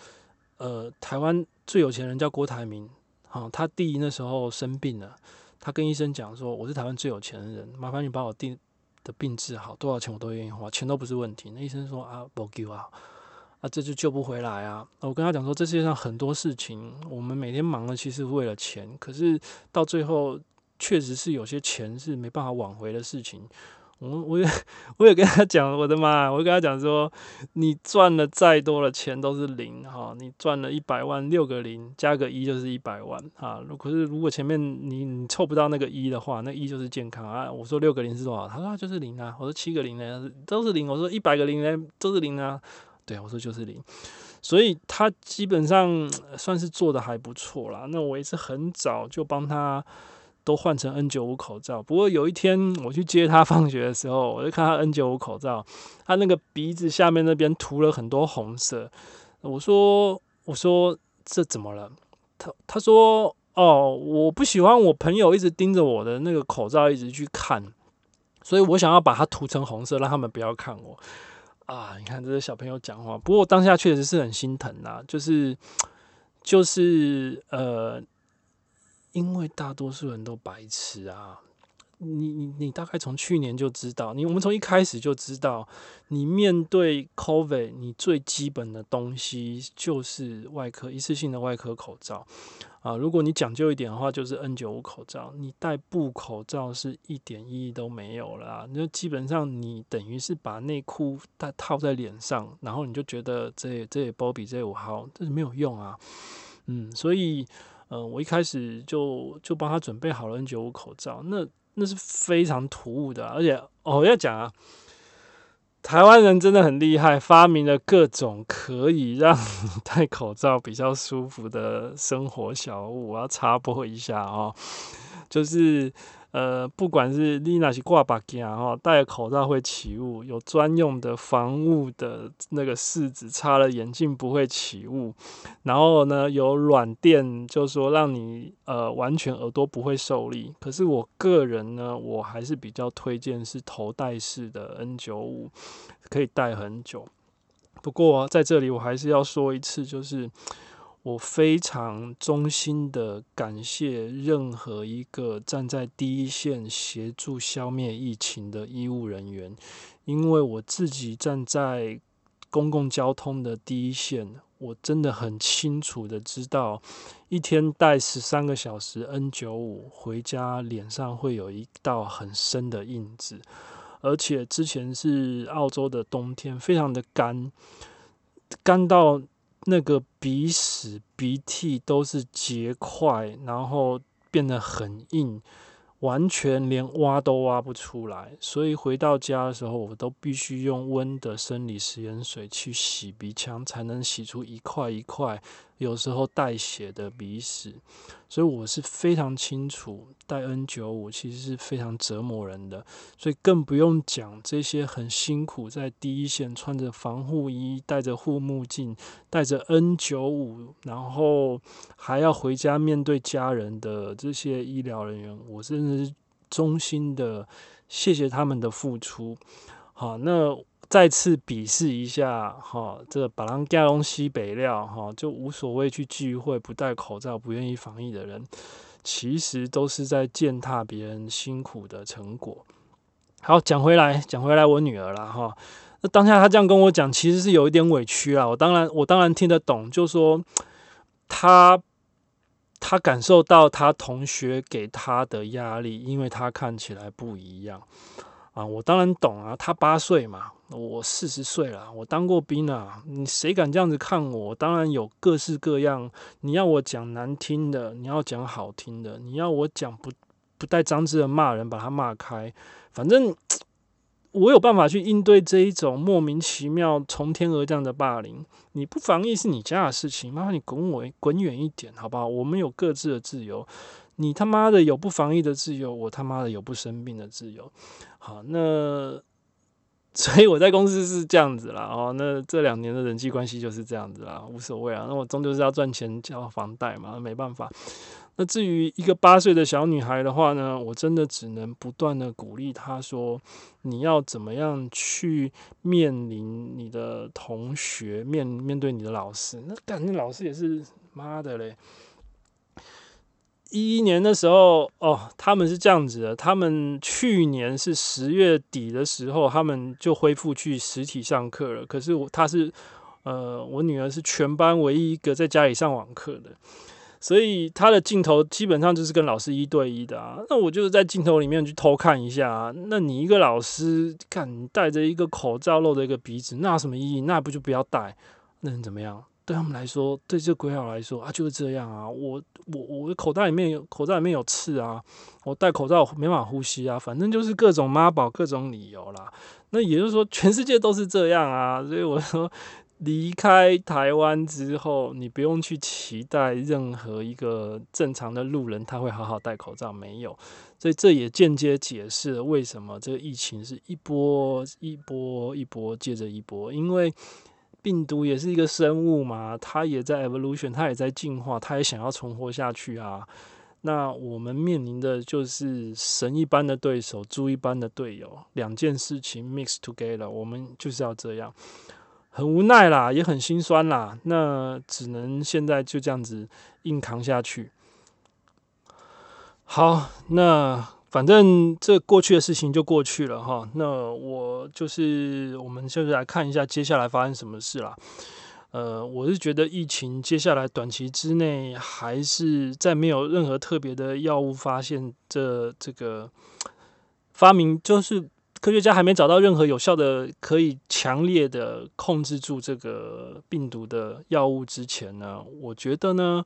呃，台灣最有錢人叫郭台銘，好，他弟那時候生病了，他跟醫生講說，我是台灣最有錢的人，麻煩你把我弟的病治好，多少錢我都願意花，錢都不是問題。那醫生說啊，我 give up。啊，這就救不回來啊。啊，我跟他講說，這世界上很多事情，我們每天忙了，其實是為了錢，可是到最後，確實是有些錢是沒辦法挽回的事情。我我也我也跟他講，我的媽！我跟他講說，你賺了再多的錢都是零哈，你賺了一百萬六個零加個一就是一百萬啊。可是如果前面你你湊不到那個一的話，那一就是健康啊。我說六個零是多少？他說，啊，就是零啊。我說七個零呢？都是零。我說一百個零呢？都是零啊。對，我說就是零，所以他基本上算是做得還不錯啦。那我也是很早就幫他都換成 N95 口罩。不過有一天我去接他放學的時候，我就看他 N95 口罩，他那個鼻子下面那邊塗了很多紅色。我說：“我說這怎麼了？”他他說：“哦，我不喜歡我朋友一直盯着我的那個口罩一直去看，所以我想要把它塗成紅色，讓他們不要看我。”啊，你看這些小朋友講話，不過當下確實是很心疼吶、啊，就是，就是，呃，因為大多數人都白痴啊。你你大概從去年就知道，你我們從一開始就知道，你面對 COVID，你最基本的東西就是外科一次性的外科口罩啊。如果你講究一點的話，就是 N 95口罩。你戴布口罩是一點意義都沒有了啊，那基本上你等於是把內褲帶套在臉上，然後你就覺得這也不好，這也不好，這是沒有用啊。嗯，所以，嗯、呃，我一開始就就幫他準備好了 N 95口罩。那那是非常突兀的，而且我，哦，要講啊，台灣人真的很厲害，發明了各種可以讓戴口罩比較舒服的生活小物。我要插播一下哦，就是。呃，不管是你那是掛把件，哈，戴口罩會起霧，有專用的防霧的那個拭子，擦了眼鏡不會起霧。然後呢，有軟墊，就說讓你呃完全耳朵不會受力。可是我個人呢，我還是比較推薦是頭戴式的 N 九五，可以戴很久。不過在這裡我還是要說一次，就是。我非常衷心的感謝任何一個站在第一線協助消滅疫情的醫務人員，因為我自己站在公共交通的第一線，我真的很清楚的知道，一天戴十三個小時 N95 回家，臉上會有一道很深的印子，而且之前是澳洲的冬天，非常的乾，乾到。那個鼻屎、鼻涕都是結塊，然後變得很硬，完全連挖都挖不出來。所以回到家的時候，我都必須用溫的生理食鹽水去洗鼻腔，才能洗出一塊一塊。有時候帶血的鼻屎，所以我是非常清楚戴 N95 其實是非常折磨人的，所以更不用講這些很辛苦在第一線穿着防護衣、戴着護目鏡、戴着 N95，然後還要回家面對家人的這些醫療人員，我真的是衷心的謝謝他們的付出。好，那。再次鄙視一下哈、哦，這個、把朗加龍西北料哈、哦，就無所謂去聚會不戴口罩不願意防疫的人，其實都是在踐踏別人辛苦的成果。好，講回來講回來，回來我女兒了哈、哦，那當下她這樣跟我講，其實是有一點委屈啦。我當然我當然聽得懂，就說她她感受到她同學給她的壓力，因為她看起來不一樣啊。我當然懂啊，她八歲嘛。我四十歲了，我當過兵啊！你誰敢這樣子看我？當然有各式各樣。你要我講難聽的，你要講好聽的，你要我講不不帶髒字的罵人，把他罵開。反正我有辦法去應對這一種莫名其妙從天而降的霸凌。你不防疫是你家的事情，麻煩你滾，我滾遠一點，好不好？我們有各自的自由。你他媽的有不防疫的自由，我他媽的有不生病的自由。好，那。所以我在公司是這樣子啦，哦，那這兩年的人際關係就是這樣子啦，無所謂啊。那我終究是要賺錢交房貸嘛，沒辦法。那至於一個八歲的小女孩的話呢，我真的只能不斷的鼓勵她說，你要怎麼樣去面臨你的同學，面面對你的老師。那感覺老師也是媽的嘞。一一年的時候哦，他們是這樣子的，他們去年是十月底的時候，他們就恢復去實體上課了。可是我他是，呃，我女兒是全班唯一一個在家裡上網課的，所以她的鏡頭基本上就是跟老師一對一的。啊，那我就是在鏡頭裡面去偷看一下，啊，那你一個老師，看你戴着一個口罩，露着一個鼻子，那有什麼意義？那不就不要戴，那能怎麼樣？對他們來說，對這個鬼佬來說啊，就是這樣啊。我我我的口袋裡面有口袋裡面有刺啊，我戴口罩我沒法呼吸啊。反正就是各種媽寶，各種理由啦。那也就是說，全世界都是這樣啊。所以我說，離開台灣之後，你不用去期待任何一個正常的路人他會好好戴口罩，沒有。所以這也間接解釋了為什麼這個疫情是一波一波一波,一波接着一波，因為。病毒也是一個生物嘛，它也在 evolution，它也在進化，它也想要存活下去啊。那我們面臨的就是神一般的對手、豬一般的隊友，兩件事情 mix together，我們就是要這樣，很無奈啦，也很心酸啦。那只能現在就這樣子硬扛下去。好，那。反正這過去的事情就過去了哈，那我就是，我們就是來看一下接下來發生什麼事啦。呃，我是覺得疫情接下來短期之內還是在沒有任何特別的藥物發現的這，這個發明，就是科學家還沒找到任何有效的可以強烈的控制住這個病毒的藥物之前呢，我覺得呢。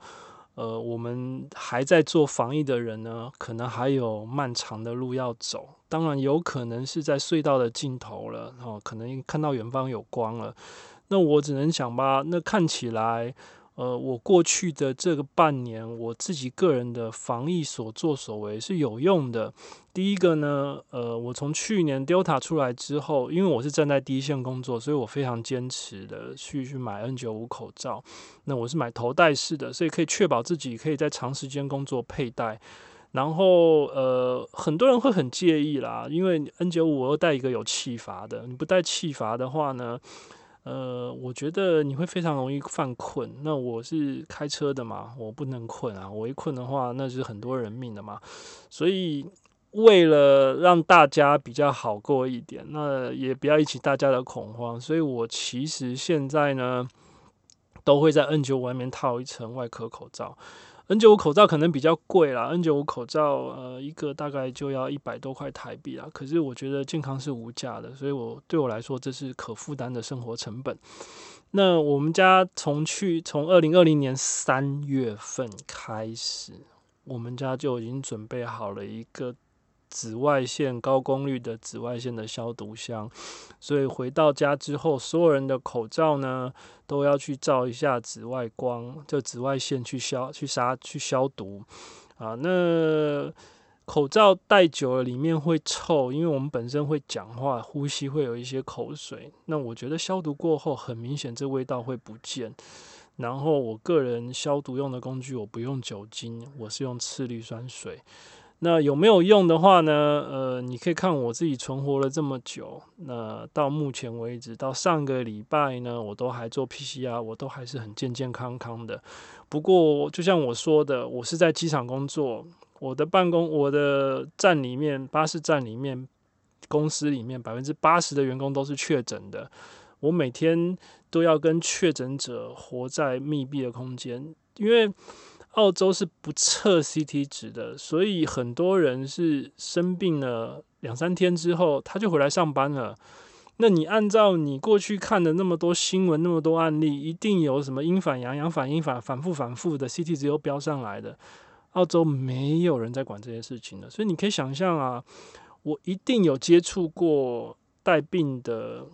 呃，我們還在做防疫的人呢，可能還有漫長的路要走。當然，有可能是在隧道的盡頭了，哦，可能看到遠方有光了。那我只能想吧，那看起來。呃，我過去的這個半年，我自己個人的防疫所作所為是有用的。第一個呢，呃，我從去年 Delta 出來之後，因為我是站在第一線工作，所以我非常堅持的去去買 N 九五口罩。那我是買頭戴式的，所以可以確保自己可以在長時間工作佩戴。然後，呃，很多人會很介意啦，因為 N 九五我要帶一個有氣閥的，你不帶氣閥的話呢？呃，我覺得你會非常容易犯困。那我是開車的嘛，我不能困啊！我一困的話，那是很多人命的嘛。所以為了讓大家比較好過一點，那也不要引起大家的恐慌，所以我其實現在呢，都會在 N95 外面套一層外科口罩。N 九五口罩可能比較貴啦，N 九五口罩呃一個大概就要一百多塊台幣啦。可是我覺得健康是無價的，所以我對我來說這是可負擔的生活成本。那我們家從去從二零二零年三月份開始，我們家就已經準備好了一個。紫外線高功率的紫外線的消毒箱，所以回到家之後，所有人的口罩呢都要去照一下紫外光，就紫外線去消去殺去消毒啊。那口罩戴久了裡面會臭，因為我們本身會講話、呼吸，會有一些口水。那我覺得消毒過後，很明顯這味道會不見。然後我個人消毒用的工具，我不用酒精，我是用次氯酸水。那有沒有用的話呢？呃，你可以看我自己存活了這麼久。那到目前為止，到上個禮拜呢，我都還做 PCR，我都還是很健健康康的。不過，就像我說的，我是在機場工作，我的辦公、我的站裡面、巴士站裡面、公司裡面，百分之八十的員工都是確診的。我每天都要跟確診者活在密閉的空間，因為。澳洲是不測 CT 值的，所以很多人是生病了兩三天之後，他就回來上班了。那你按照你過去看的那麼多新聞、那麼多案例，一定有什麼陰反陽、陽反陰反反覆反覆的 CT 值，又飆上來的。澳洲沒有人在管這些事情的，所以你可以想象啊，我一定有接觸過帶病的。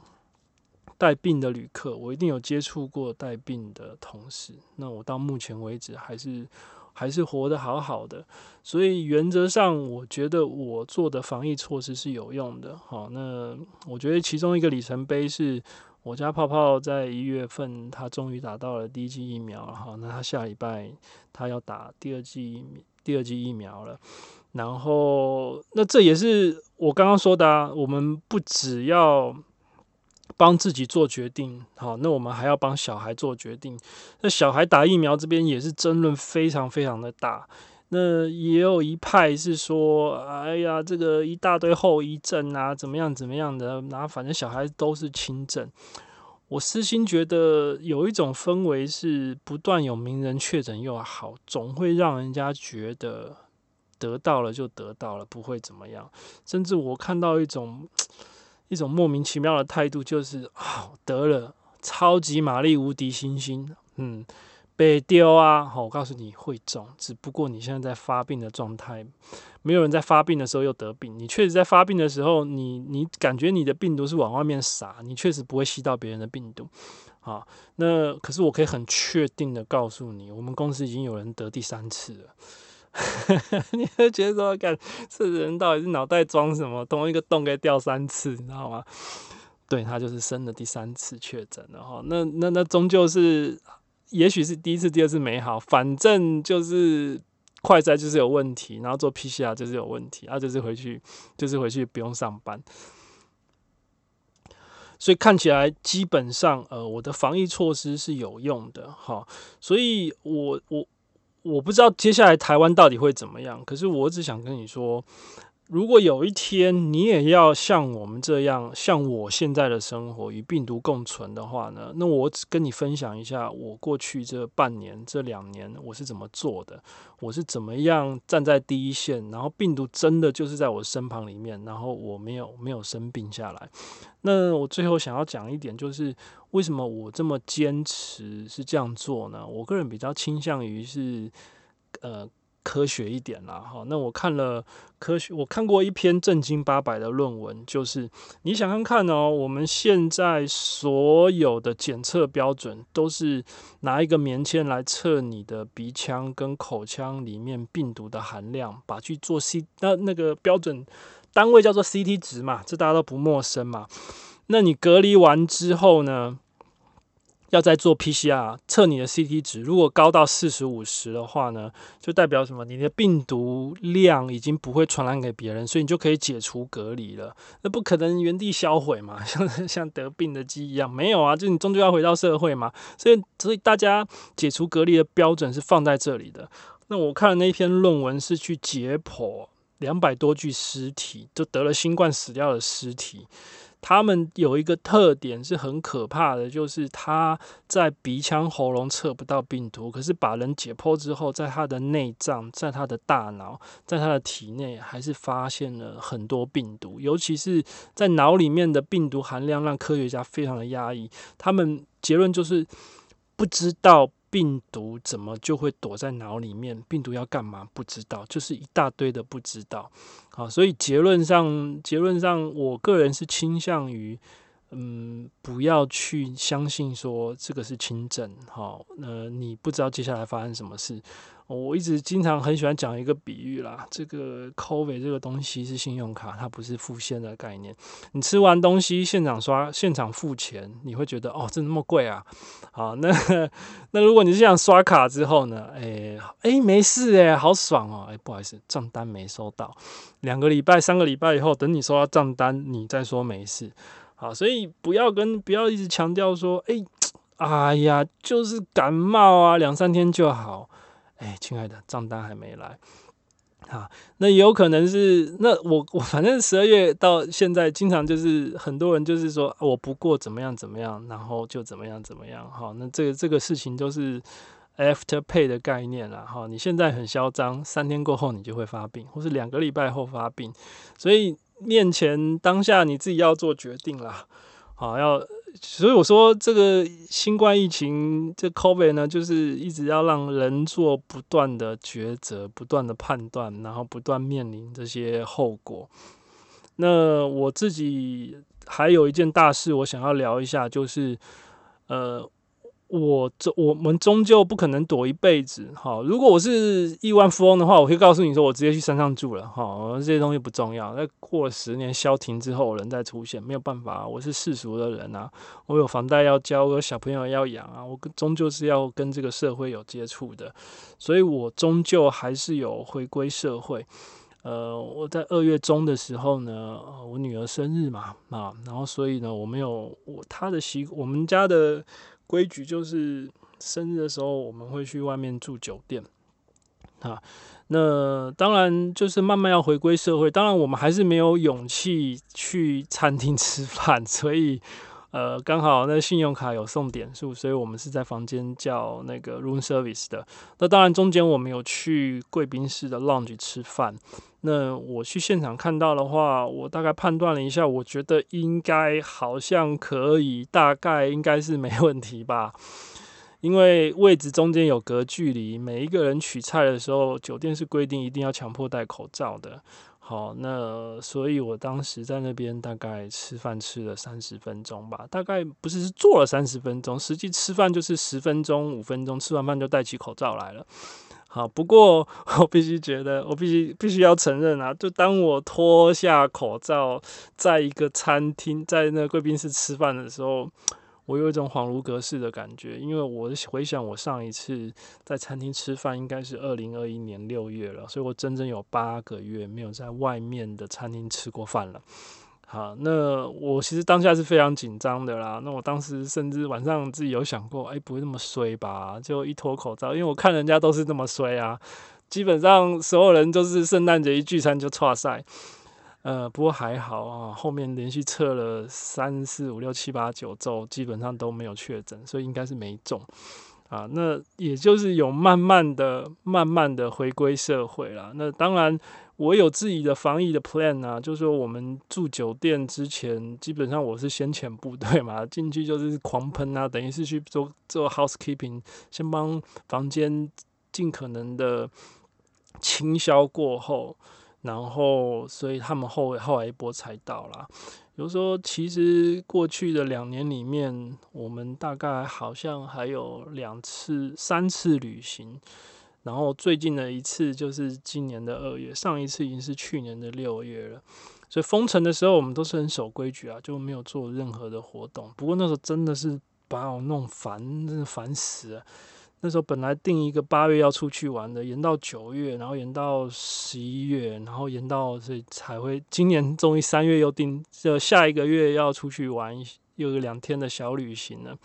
帶病的旅客，我一定有接觸過帶病的同事。那我到目前為止還是還是活得好好的，所以原則上我覺得我做的防疫措施是有用的。好，那我覺得其中一個里程碑是我家泡泡在一月份他終於打到了第一劑疫苗，好，那他下禮拜他要打第二劑第二劑疫苗了。然後那這也是我剛剛說的啊，我們不只要。幫自己做決定，好，那我們還要幫小孩做決定。那小孩打疫苗這邊也是爭論非常非常的大。那也有一派是說，哎呀，這個一大堆後遺症啊，怎麼樣怎麼樣的，那反正小孩都是輕症。我私心覺得有一種氛圍是，不斷有名人確診又好，總會讓人家覺得得到了就得到了，不會怎麼樣。甚至我看到一種。一種莫名其妙的態度，就是啊，得了超級瑪麗無敵星星，嗯，被丟啊，好，我告訴你會中，只不過，你現在在發病的狀態，沒有人在發病的時候又得病，你確實在發病的時候，你你感覺你的病毒是往外面撒，你確實不會吸到別人的病毒，啊，那可是我可以很確定的告訴你，我們公司已經有人得第三次了。 你就覺得說，幹這人到底是腦袋裝什麼？同一個洞可以掉三次，你知道嗎？對，他就是生了第三次確診了，然後那那那終究是，也許是第一次、第二次沒好，反正就是快篩就是有問題，然後做 PCR 就是有問題，然、啊、就是回去，就是回去不用上班。所以看起來基本上，呃，我的防疫措施是有用的，哈，所以我我。我不知道接下來台灣到底會怎麼樣，可是我只想跟你說。如果有一天你也要像我們這樣，像我現在的生活與病毒共存的話呢，那我只跟你分享一下我過去這半年、這兩年我是怎麼做的，我是怎麼樣站在第一線，然後病毒真的就是在我身旁裡面，然後我沒有我沒有生病下來。那我最後想要講一點，就是為什麼我這麼堅持是這樣做呢？我個人比較傾向於是，呃。科學一點啦，好，那我看了科學，我看過一篇正經八百的論文，就是你想想看哦，我們現在所有的檢測標準都是拿一個棉簽來測你的鼻腔跟口腔裡面病毒的含量，把去做 C 那那個標準單位叫做 CT 值嘛，這大家都不陌生嘛。那你隔離完之後呢？要再做 PCR 測你的 CT 值，如果高到四十、五十的話呢，就代表什麼？你的病毒量已經不會傳染給別人，所以你就可以解除隔離了。那不可能原地銷毀嘛？像像得病的雞一樣？沒有啊，就你終究要回到社會嘛。所以所以大家解除隔離的標準是放在這裡的。那我看了那一篇論文是去解剖兩百多具屍體，就得了新冠死掉的屍體。他們有一個特點是很可怕的，就是他在鼻腔、喉嚨測不到病毒，可是把人解剖之後，在他的內臟、在他的大腦、在他的體內，還是發現了很多病毒，尤其是在腦裡面的病毒含量，讓科學家非常的壓抑。他們結論就是不知道。病毒怎麼就會躲在腦裡面？病毒要幹嘛？不知道，就是一大堆的不知道。好，所以結論上，結論上，我個人是傾向於。嗯，不要去相信說這個是輕症。好，那、哦呃、你不知道接下來發生什麼事。我一直經常很喜歡講一個比喻啦，這個 COVID 這個東西是信用卡，它不是付現的概念。你吃完東西現場刷、現場付錢，你會覺得哦，這那麼貴啊？好，那那如果你是想刷卡之後呢？誒、欸、誒、欸，沒事誒、欸，好爽哦、喔！誒、欸，不好意思，賬單沒收到，兩個禮拜、三個禮拜以後，等你收到賬單，你再說沒事。好，所以不要跟不要一直強調說，哎、欸，哎呀，就是感冒啊，兩三天就好。哎、欸，親愛的，賬單還沒來。好，那也有可能是那我我反正十二月到現在，經常就是很多人就是說我不過怎麼樣怎麼樣，然後就怎麼樣怎麼樣。好，那這個、這個事情就是 after pay 的概念啦。好，你現在很囂張，三天過後你就會發病，或是兩個禮拜後發病，所以。面前當下你自己要做決定啦。好，要，所以我說這個新冠疫情這個 COVID 呢，就是一直要讓人做不斷的抉擇、不斷的判斷，然後不斷面臨這些後果。那我自己還有一件大事，我想要聊一下，就是呃。我我們終究不可能躲一輩子，哈，如果我是億萬富翁的話，我會告訴你說，我直接去山上住了，哈。這些東西不重要。那過了十年消停之後，我人再出現，沒有辦法。我是世俗的人啊，我有房貸要交，我有小朋友要養啊，我終究是要跟這個社會有接觸的，所以我終究還是有回歸社會。呃，我在二月中的時候呢，我女兒生日嘛，啊，然後所以呢，我們有我她的習，我們家的。規矩就是生日的時候，我們會去外面住酒店，啊，那當然就是慢慢要回歸社會，當然我們還是沒有勇氣去餐廳吃飯，所以。呃，剛好那個信用卡有送點數，所以我們是在房間叫那個 room service 的。那當然中間我們有去貴賓室的 lounge 吃飯。那我去現場看到的話，我大概判斷了一下，我覺得應該好像可以，大概應該是沒問題吧？因為位置中間有隔距離，每一個人取菜的時候，酒店是規定一定要強迫戴口罩的。好，那所以我當時在那邊大概吃飯吃了三十分鐘吧，大概不是，是坐了三十分鐘，實際吃飯就是十分鐘、五分鐘，吃完飯就戴起口罩來了。好，不過我必須覺得，我必須必須要承認啊，就當我脫下口罩，在一個餐廳，在那貴賓室吃飯的時候。我有一種恍如隔世的感覺，因為我回想我上一次在餐廳吃飯應該是二零二一年六月了，所以我整整有八個月沒有在外面的餐廳吃過飯了。好，那我其實當下是非常緊張的啦。那我當時甚至晚上自己有想過，哎、欸，不會那麼衰吧？就一脫口罩，因為我看人家都是那麼衰啊。基本上所有人都是聖誕節一聚餐就 c 晒呃，不過還好啊，後面連續測了三四五六七八九週，基本上都沒有確診，所以應該是沒中啊。那也就是有慢慢的、慢慢的回歸社會了。那當然，我有自己的防疫的 plan 啊，就是說我們住酒店之前，基本上我是先遣部隊嘛，進去就是狂噴啊，等於是去做做 housekeeping，先幫房間盡可能的清消過後。然後，所以他們後後來一波才到了。比如說，其實過去的兩年裡面，我們大概好像還有兩次、三次旅行。然後最近的一次就是今年的二月，上一次已經是去年的六月了。所以封城的時候，我們都是很守規矩啊，就沒有做任何的活動。不過那時候真的是把我弄煩，真的煩死了。那時候本來定一個八月要出去玩的，延到九月，然後延到十一月，然後延到。所以才會今年終於三月又定，就下一個月要出去玩，又有兩天的小旅行了。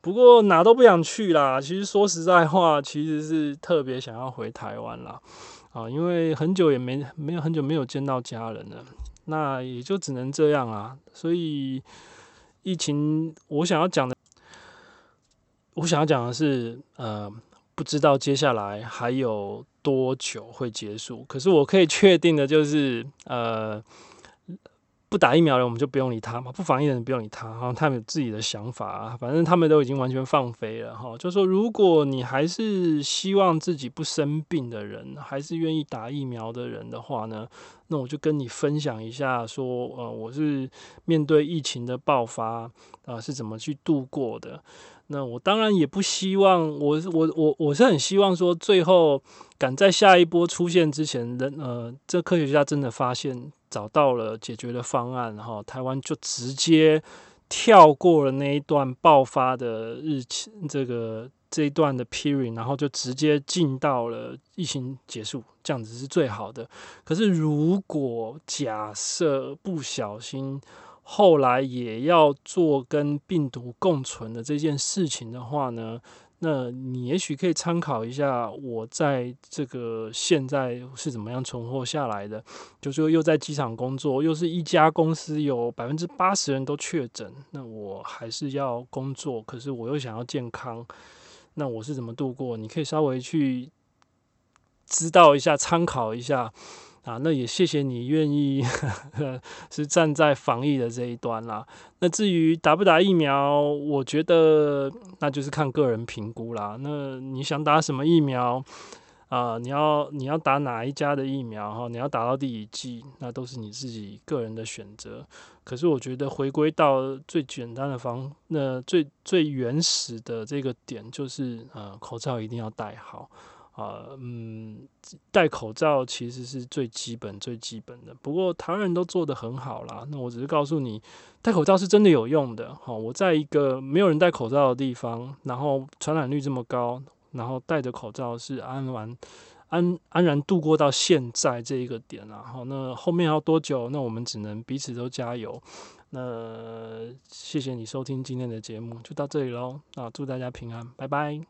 不過哪都不想去啦，其實說實在話，其實是特別想要回台灣啦，啊，因為很久也沒沒有很久沒有見到家人了，那也就只能這樣啊。所以疫情，我想要講的。我想要講的是，呃，不知道接下來還有多久會結束。可是我可以確定的就是，呃，不打疫苗的人我們就不用理他嘛，不防疫的人不用理他，哈，他們有自己的想法啊，反正他們都已經完全放飛了，哈。就說如果你還是希望自己不生病的人，還是願意打疫苗的人的話呢，那我就跟你分享一下，說，呃，我是面對疫情的爆發啊，呃，是怎麼去度過的。那我當然也不希望，我我我我是很希望說，最後趕在下一波出現之前，人呃，這科學家真的發現找到了解決的方案，然後台灣就直接跳過了那一段爆發的日期，這個這一段的 period，然後就直接進到了疫情結束，這樣子是最好的。可是如果假設不小心，後來也要做跟病毒共存的這件事情的話呢，那你也許可以參考一下我在這個現在是怎麼樣存活下來的。就說、是、又在機場工作，又是一家公司有，有百分之八十人都確診，那我還是要工作，可是我又想要健康，那我是怎麼度過？你可以稍微去知道一下，參考一下。啊，那也謝謝你願意呵呵是站在防疫的這一端啦。那至於打不打疫苗，我覺得那就是看個人評估啦。那你想打什麼疫苗啊、呃？你要你要打哪一家的疫苗？哈，你要打到第幾劑？那都是你自己個人的選擇。可是我覺得回歸到最簡單的防，那最最原始的這個點就是，呃，口罩一定要戴好。啊、呃，嗯，戴口罩其實是最基本、最基本的。不過，台灣人都做得很好啦。那我只是告訴你，戴口罩是真的有用的。好，我在一個沒有人戴口罩的地方，然後傳染率這麼高，然後戴着口罩是安完安安然度過到現在這一個點、啊。然後，那後面要多久？那我們只能彼此都加油。那謝謝你收聽今天的節目，就到這裡嘍。那、啊，祝大家平安，拜拜。